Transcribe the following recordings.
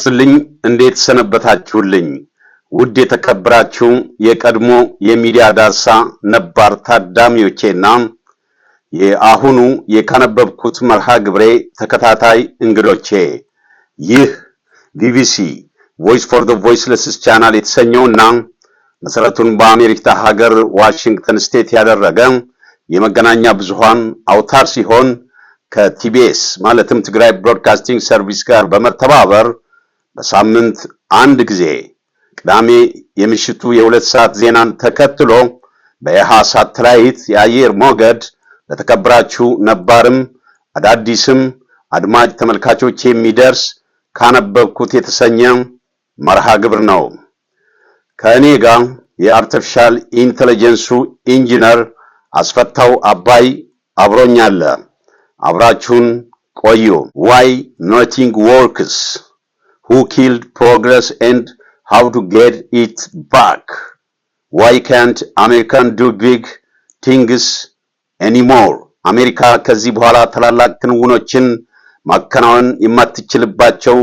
ይድረስልኝ። እንዴት ሰነበታችሁልኝ? ውድ የተከበራችሁ የቀድሞ የሚዲያ ዳሳ ነባር ታዳሚዎቼና የአሁኑ የካነበብኩት መርሃ ግብሬ ተከታታይ እንግዶቼ ይህ ቢቢሲ ቮይስ ፎር ዘ ቮይስለስስ ቻናል የተሰኘውና መሰረቱን በአሜሪካ ሀገር ዋሽንግተን ስቴት ያደረገ የመገናኛ ብዙሃን አውታር ሲሆን ከቲቢኤስ ማለትም ትግራይ ብሮድካስቲንግ ሰርቪስ ጋር በመተባበር በሳምንት አንድ ጊዜ ቅዳሜ የምሽቱ የሁለት ሰዓት ዜናን ተከትሎ በየሃ ሳተላይት የአየር ሞገድ ለተከብራችሁ ነባርም አዳዲስም አድማጭ ተመልካቾች የሚደርስ ካነበብኩት የተሰኘ መርሃ ግብር ነው። ከእኔ ጋር የአርቲፊሻል ኢንተለጀንሱ ኢንጂነር አስፈታው አባይ አብሮኛለ። አብራችሁን ቆዩ። ዋይ ኖቲንግ ዎርክስ who killed progress and how to get it back. Why can't American do big things anymore? አሜሪካ ከዚህ በኋላ ታላላቅ ክንውኖችን ማከናወን የማትችልባቸው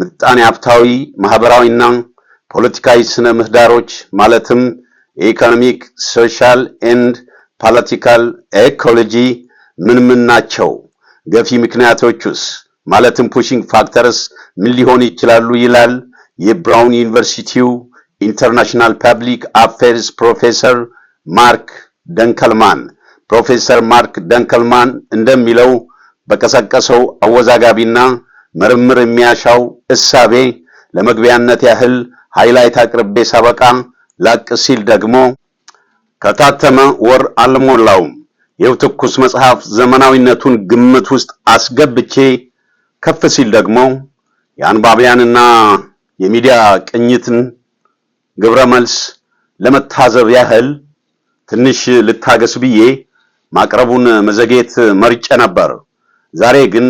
ምጣኔ ሀብታዊ፣ ማህበራዊና ፖለቲካዊ ስነ ምህዳሮች ማለትም የኢኮኖሚክ፣ ሶሻል ኤንድ ፖለቲካል ኢኮሎጂ ምን ምን ናቸው? ገፊ ምክንያቶቹስ? ማለትም ፑሽንግ ፋክተርስ ምን ሊሆን ይችላሉ? ይላል የብራውን ዩኒቨርሲቲው ኢንተርናሽናል ፐብሊክ አፌርስ ፕሮፌሰር ማርክ ደንከልማን። ፕሮፌሰር ማርክ ደንከልማን እንደሚለው በቀሰቀሰው አወዛጋቢና ምርምር የሚያሻው እሳቤ ለመግቢያነት ያህል ሃይላይት አቅርቤ ሳበቃ ላቅ ሲል ደግሞ ከታተመ ወር አልሞላውም ይኸው ትኩስ መጽሐፍ ዘመናዊነቱን ግምት ውስጥ አስገብቼ ከፍ ሲል ደግሞ የአንባቢያንና የሚዲያ ቅኝትን ግብረ መልስ ለመታዘብ ያህል ትንሽ ልታገስ ብዬ ማቅረቡን መዘጌት መርጬ ነበር። ዛሬ ግን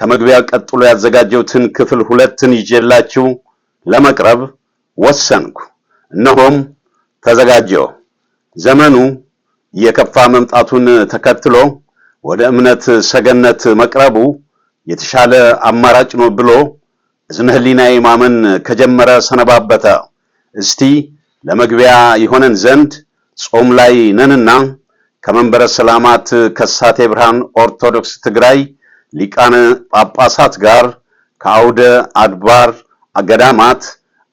ከመግቢያው ቀጥሎ ያዘጋጀሁትን ክፍል ሁለትን ይዤላችሁ ለመቅረብ ወሰንኩ። እነሆም ተዘጋጀው። ዘመኑ እየከፋ መምጣቱን ተከትሎ ወደ እምነት ሰገነት መቅረቡ የተሻለ አማራጭ ነው ብሎ እዝነ ህሊናዬ ማመን ከጀመረ ሰነባበተ። እስቲ ለመግቢያ ይሆነን ዘንድ ጾም ላይ ነንና ከመንበረ ሰላማት ከሳቴ ብርሃን ኦርቶዶክስ ትግራይ ሊቃነ ጳጳሳት ጋር ከአውደ አድባር አገዳማት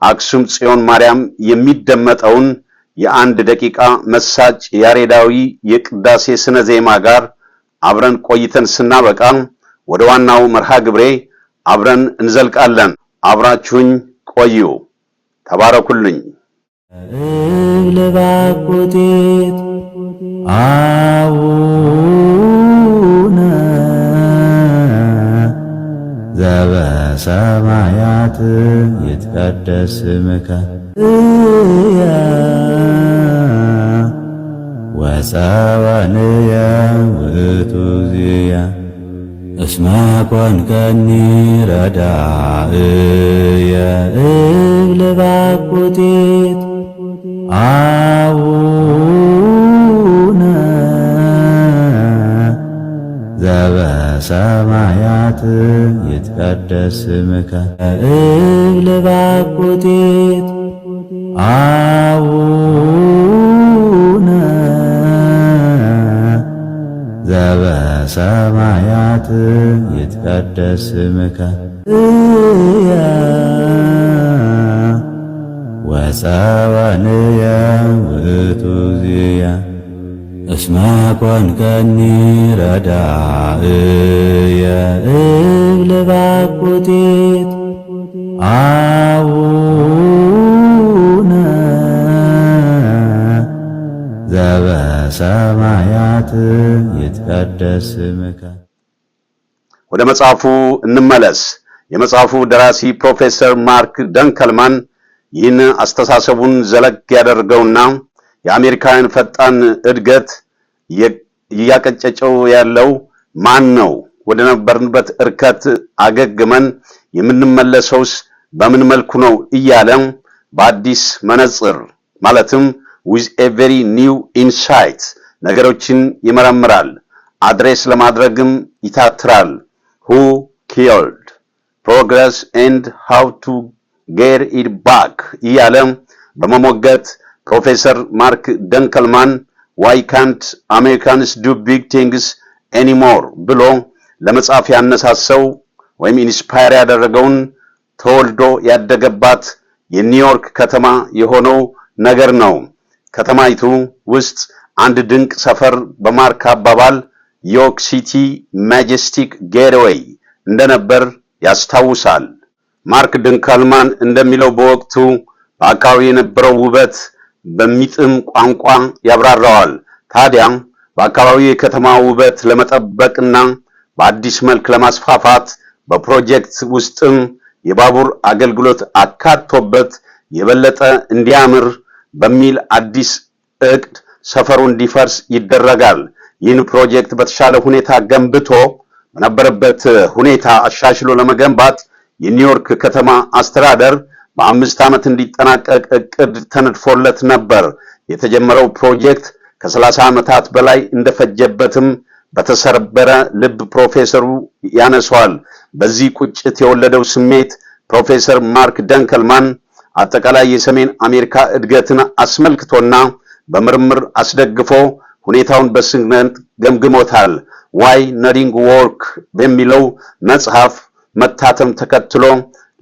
አክሱም ጽዮን ማርያም የሚደመጠውን የአንድ ደቂቃ መሳጭ ያሬዳዊ የቅዳሴ ስነ ዜማ ጋር አብረን ቆይተን ስናበቃ ወደ ዋናው መርሃ ግብሬ አብረን እንዘልቃለን። አብራችሁኝ ቆዩ። ተባረኩልኝ። እብልባቁጤት አቡነ ዘበሰማያት ይትቀደስ ስምከ ወፀባንየ ውእቱ ዚያ እስመ ኮንከኒ ረዳእየ እብለ ባኩቴት አቡነ ዘበሰማያት ይትቀደስ ስምከ እብለ ባኩቴት አቡነ ዘበ በሰማያት ይትቀደስ ስምከ ወፀባንየ ውእቱ ዚያ እስመ ኮንከኒ ረዳእየ እብል ባኩቲት አቡነ ዘበ በሰማያት ይትቀደስ ስምከ። ወደ መጽሐፉ እንመለስ። የመጽሐፉ ደራሲ ፕሮፌሰር ማርክ ደንከልማን ይህን አስተሳሰቡን ዘለግ ያደርገውና የአሜሪካውያን ፈጣን እድገት እያቀጨጨው ያለው ማን ነው? ወደ ነበርንበት እርከት አገግመን የምንመለሰውስ በምን መልኩ ነው? እያለ በአዲስ መነጽር ማለትም ዊዝ ኤ ኒው ኢንሳይት ነገሮችን ይመረምራል። አድሬስ ለማድረግም ይታትራል። ሁ ኪልድ ፕሮግረስ ኤንድ ሃው ቱ ጌር ኢት ባክ እያለ በመሞገት ፕሮፌሰር ማርክ ደንከልማን ዋይ ካንት አሜሪካንስ ዱ ቢግ ቲንግስ ኤኒሞር ብሎ ለመጻፍ ያነሳሰው ወይም ኢንስፓየር ያደረገውን ተወልዶ ያደገባት የኒውዮርክ ከተማ የሆነው ነገር ነው። ከተማይቱ ውስጥ አንድ ድንቅ ሰፈር በማርክ አባባል ዮርክ ሲቲ ማጀስቲክ ጌትዌይ እንደነበር ያስታውሳል። ማርክ ድንከልማን እንደሚለው በወቅቱ በአካባቢ የነበረው ውበት በሚጥም ቋንቋ ያብራራዋል። ታዲያ በአካባቢው የከተማ ውበት ለመጠበቅና በአዲስ መልክ ለማስፋፋት በፕሮጀክት ውስጥም የባቡር አገልግሎት አካቶበት የበለጠ እንዲያምር በሚል አዲስ እቅድ ሰፈሩ እንዲፈርስ ይደረጋል። ይህን ፕሮጀክት በተሻለ ሁኔታ ገንብቶ በነበረበት ሁኔታ አሻሽሎ ለመገንባት የኒውዮርክ ከተማ አስተዳደር በአምስት ዓመት እንዲጠናቀቅ እቅድ ተነድፎለት ነበር። የተጀመረው ፕሮጀክት ከ30 ዓመታት በላይ እንደፈጀበትም በተሰበረ ልብ ፕሮፌሰሩ ያነሷል። በዚህ ቁጭት የወለደው ስሜት ፕሮፌሰር ማርክ ደንከልማን አጠቃላይ የሰሜን አሜሪካ እድገትን አስመልክቶና በምርምር አስደግፎ ሁኔታውን በስነት ገምግሞታል። ዋይ ነዲንግ ወርክ በሚለው መጽሐፍ መታተም ተከትሎ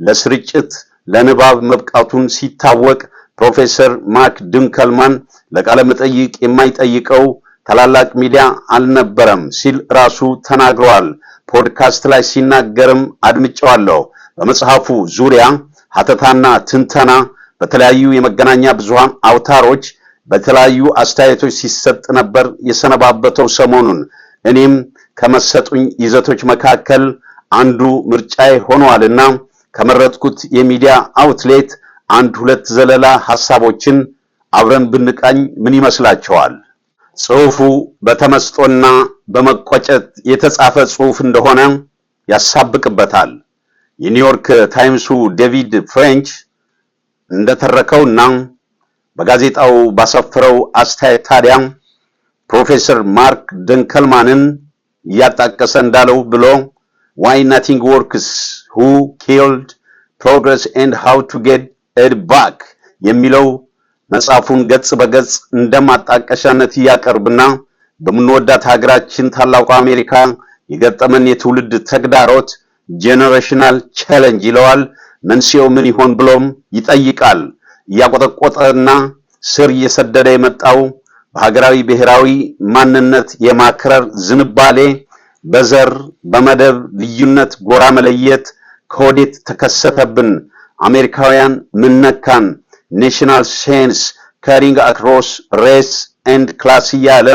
ለስርጭት ለንባብ መብቃቱን ሲታወቅ ፕሮፌሰር ማክ ድንከልማን ለቃለ መጠይቅ የማይጠይቀው ታላላቅ ሚዲያ አልነበረም ሲል ራሱ ተናግሯል። ፖድካስት ላይ ሲናገርም አድምጨዋለሁ። በመጽሐፉ ዙሪያ ሀተታና ትንተና በተለያዩ የመገናኛ ብዙሃን አውታሮች በተለያዩ አስተያየቶች ሲሰጥ ነበር የሰነባበተው። ሰሞኑን እኔም ከመሰጡኝ ይዘቶች መካከል አንዱ ምርጫዬ ሆኗልና ከመረጥኩት የሚዲያ አውትሌት አንድ ሁለት ዘለላ ሐሳቦችን አብረን ብንቃኝ ምን ይመስላችኋል? ጽሑፉ በተመስጦና በመቆጨት የተጻፈ ጽሑፍ እንደሆነ ያሳብቅበታል። የኒውዮርክ ታይምሱ ዴቪድ ፍሬንች እንደተረከውና በጋዜጣው ባሰፈረው አስተያየት ታዲያ ፕሮፌሰር ማርክ ደንከልማንን እያጣቀሰ እንዳለው ብሎ ዋይ ናቲንግ ወርክስ ሁ ኪልድ ፕሮግረስ ኤንድ ሃው ቱ ጌት ኢት ባክ የሚለው መጽሐፉን ገጽ በገጽ እንደማጣቀሻነት እያቀርብና በምንወዳት ሀገራችን ታላቋ አሜሪካ የገጠመን የትውልድ ተግዳሮት ጄኔሬሽናል ቻሌንጅ ይለዋል። መንስኤው ምን ይሆን ብሎም ይጠይቃል። እያቆጠቆጠና ስር እየሰደደ የመጣው በሀገራዊ ብሔራዊ ማንነት የማክረር ዝንባሌ፣ በዘር በመደብ ልዩነት ጎራ መለየት ከወዴት ተከሰተብን? አሜሪካውያን ምነካን? ኔሽናል ሴንስ ከሪንግ አክሮስ ሬስ ኤንድ ክላስ እያለ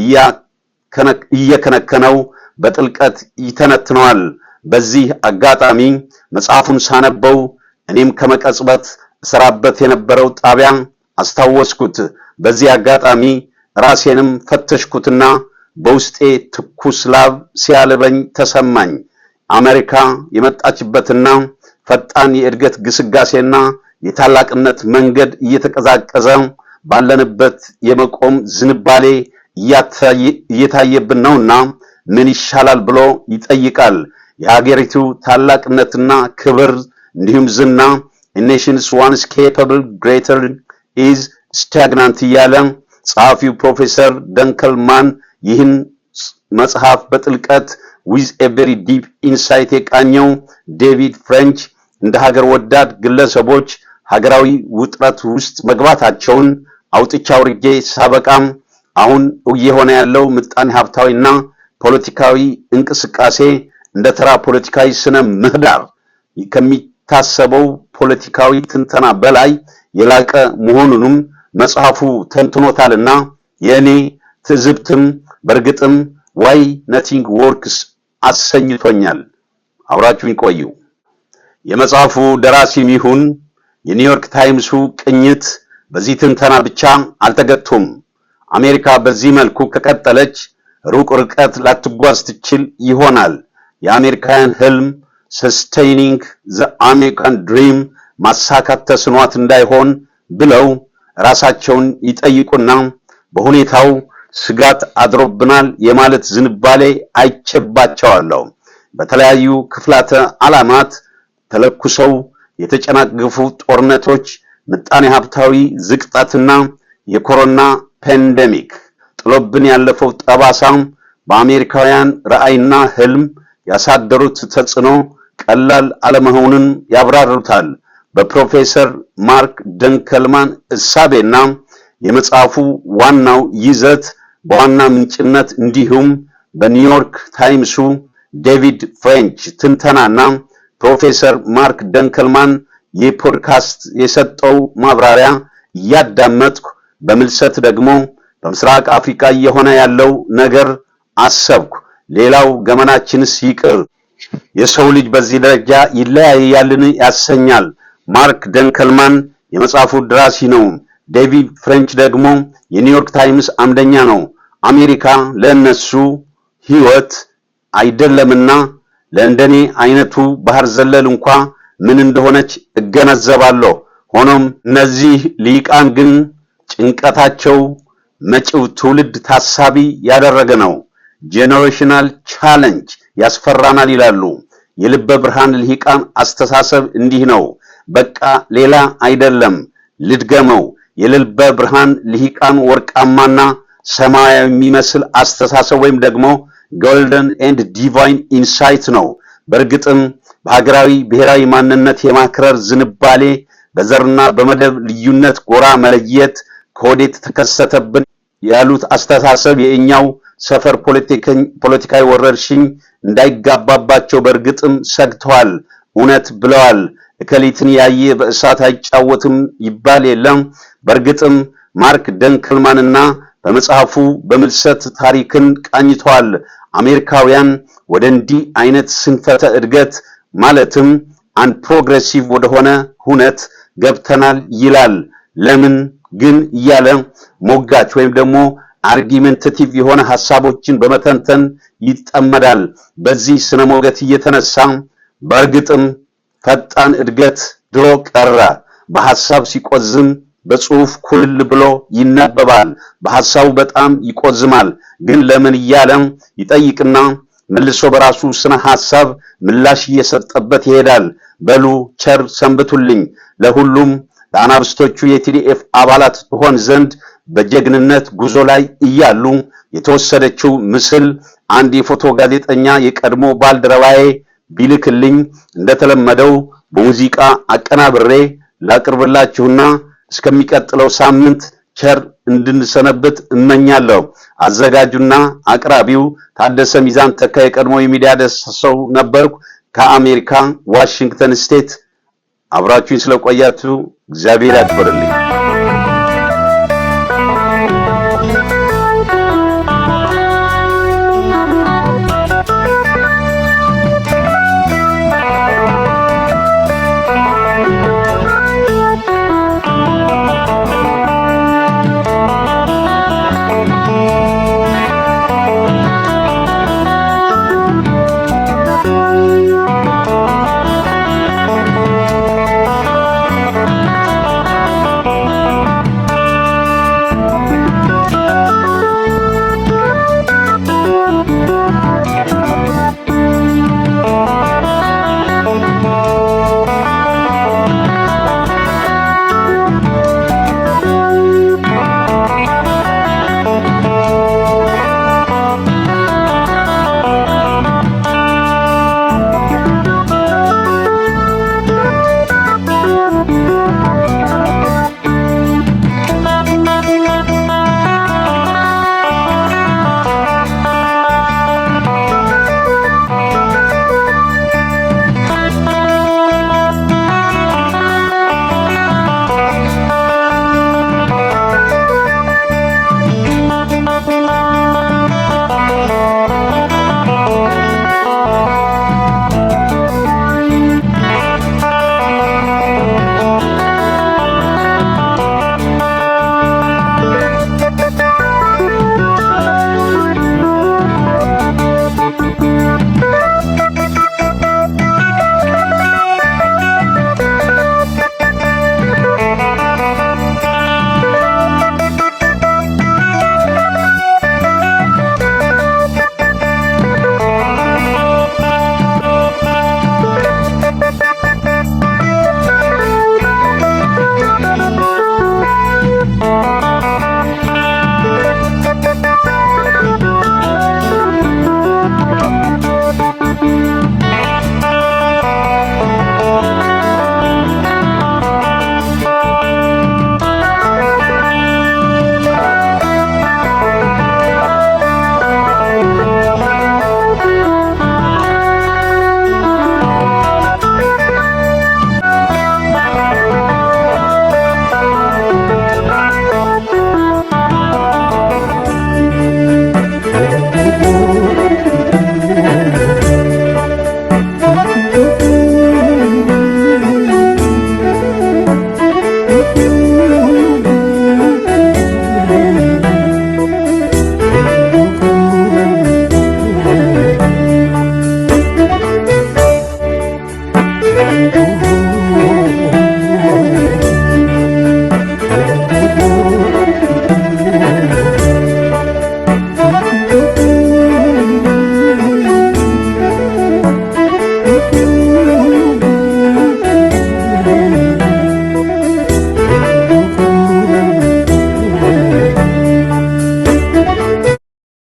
እየከነከነው በጥልቀት ይተነትነዋል። በዚህ አጋጣሚ መጽሐፉን ሳነበው እኔም ከመቀጽበት እሰራበት የነበረው ጣቢያ አስታወስኩት። በዚህ አጋጣሚ ራሴንም ፈተሽኩትና በውስጤ ትኩስ ላብ ሲያልበኝ ተሰማኝ። አሜሪካ የመጣችበትና ፈጣን የእድገት ግስጋሴና የታላቅነት መንገድ እየተቀዛቀዘ ባለንበት የመቆም ዝንባሌ እየታየብን ነውና ምን ይሻላል ብሎ ይጠይቃል። የሀገሪቱ ታላቅነትና ክብር እንዲሁም ዝና ኔሽንስ ዋንስ ኬፓብል ግሬተር ኢዝ ስታግናንት እያለ ጸሐፊው ፕሮፌሰር ደንከልማን ይህን መጽሐፍ በጥልቀት ዊዝ ኤ ቬሪ ዲፕ ኢንሳይት የቃኘው ዴቪድ ፍሬንች እንደ ሀገር ወዳድ ግለሰቦች ሀገራዊ ውጥረት ውስጥ መግባታቸውን አውጥቻ አውርጌ ሳበቃም አሁን እየሆነ ያለው ምጣኔ ሀብታዊና ፖለቲካዊ እንቅስቃሴ እንደ ተራ ፖለቲካዊ ስነ ምህዳር ከሚታሰበው ፖለቲካዊ ትንተና በላይ የላቀ መሆኑንም መጽሐፉ ተንትኖታልና የእኔ ትዝብትም በእርግጥም ዋይ ነቲንግ ወርክስ አሰኝቶኛል። አብራችሁኝ ቆዩ። የመጽሐፉ ደራሲም ይሁን የኒውዮርክ ታይምሱ ቅኝት በዚህ ትንተና ብቻ አልተገቱም። አሜሪካ በዚህ መልኩ ከቀጠለች ሩቅ ርቀት ላትጓዝ ትችል ይሆናል። የአሜሪካውያን ህልም ሰስቴኒንግ ዘ አሜሪካን ድሪም ማሳካት ተስኗት እንዳይሆን ብለው ራሳቸውን ይጠይቁና በሁኔታው ስጋት አድሮብናል የማለት ዝንባሌ አይቸባቸዋለሁ። በተለያዩ ክፍላተ ዓላማት ተለኩሰው የተጨናገፉ ጦርነቶች፣ ምጣኔ ሀብታዊ ዝቅጠትና የኮሮና ፓንደሚክ ጥሎብን ያለፈው ጠባሳ በአሜሪካውያን ራዕይና ህልም ያሳደሩት ተጽዕኖ ቀላል አለመሆኑን ያብራሩታል። በፕሮፌሰር ማርክ ደንከልማን እሳቤና የመጽሐፉ ዋናው ይዘት በዋና ምንጭነት እንዲሁም በኒውዮርክ ታይምሱ ዴቪድ ፍሬንች ትንተናና ፕሮፌሰር ማርክ ደንከልማን የፖድካስት የሰጠው ማብራሪያ እያዳመጥኩ በምልሰት ደግሞ በምስራቅ አፍሪካ እየሆነ ያለው ነገር አሰብኩ። ሌላው ገመናችንስ ይቅር የሰው ልጅ በዚህ ደረጃ ይለያያልን ያሰኛል። ማርክ ደንከልማን የመጽሐፉ ደራሲ ነው። ዴቪድ ፍሬንች ደግሞ የኒውዮርክ ታይምስ አምደኛ ነው። አሜሪካ ለእነሱ ሕይወት አይደለምና ለእንደኔ አይነቱ ባህር ዘለል እንኳ ምን እንደሆነች እገነዘባለሁ። ሆኖም እነዚህ ሊቃን ግን ጭንቀታቸው መጪው ትውልድ ታሳቢ ያደረገ ነው። ጄኔሬሽናል ቻለንጅ ያስፈራናል ይላሉ። የልበ ብርሃን ልሂቃን አስተሳሰብ እንዲህ ነው። በቃ ሌላ አይደለም። ልድገመው። የልበ ብርሃን ልሂቃን ወርቃማና ሰማያዊ የሚመስል አስተሳሰብ ወይም ደግሞ ጎልደን ኤንድ ዲቫይን ኢንሳይት ነው። በእርግጥም በሀገራዊ ብሔራዊ ማንነት የማክረር ዝንባሌ በዘርና በመደብ ልዩነት ጎራ መለየት ከወዴት ተከሰተብን ያሉት አስተሳሰብ የእኛው ሰፈር ፖለቲካዊ ወረርሽኝ እንዳይጋባባቸው በእርግጥም ሰግተዋል። እውነት ብለዋል። እከሊትን ያየ በእሳት አይጫወትም ይባል የለም። በእርግጥም ማርክ ደንክልማንና በመጽሐፉ በምልሰት ታሪክን ቃኝተዋል። አሜሪካውያን ወደ እንዲህ አይነት ስንፈተ እድገት ማለትም አንድ ፕሮግሬሲቭ ወደሆነ ሁነት ገብተናል ይላል። ለምን ግን እያለ ሞጋች ወይም ደግሞ አርጊመንትቲቭ የሆነ ሐሳቦችን በመተንተን ይጠመዳል። በዚህ ስነ ሞገት እየተነሳ በእርግጥም ፈጣን እድገት ድሮ ቀረ። በሐሳብ ሲቆዝም በጽሁፍ ኩልል ብሎ ይነበባል። በሐሳቡ በጣም ይቆዝማል፣ ግን ለምን እያለም ይጠይቅና መልሶ በራሱ ስነ ሐሳብ ምላሽ እየሰጠበት ይሄዳል። በሉ ቸር ሰንብቱልኝ። ለሁሉም ለአናብስቶቹ የቲዲኤፍ አባላት ትሆን ዘንድ በጀግንነት ጉዞ ላይ እያሉ የተወሰደችው ምስል አንድ የፎቶ ጋዜጠኛ የቀድሞ ባልደረባዬ ቢልክልኝ እንደተለመደው በሙዚቃ አቀናብሬ ላቅርብላችሁና እስከሚቀጥለው ሳምንት ቸር እንድንሰነብት እመኛለሁ። አዘጋጁና አቅራቢው ታደሰ ሚዛን ተካ የቀድሞ የሚዲያ ሰው ነበርኩ ከአሜሪካ ዋሽንግተን ስቴት። አብራችሁኝ ስለቆያችሁ እግዚአብሔር ያክብርልኝ።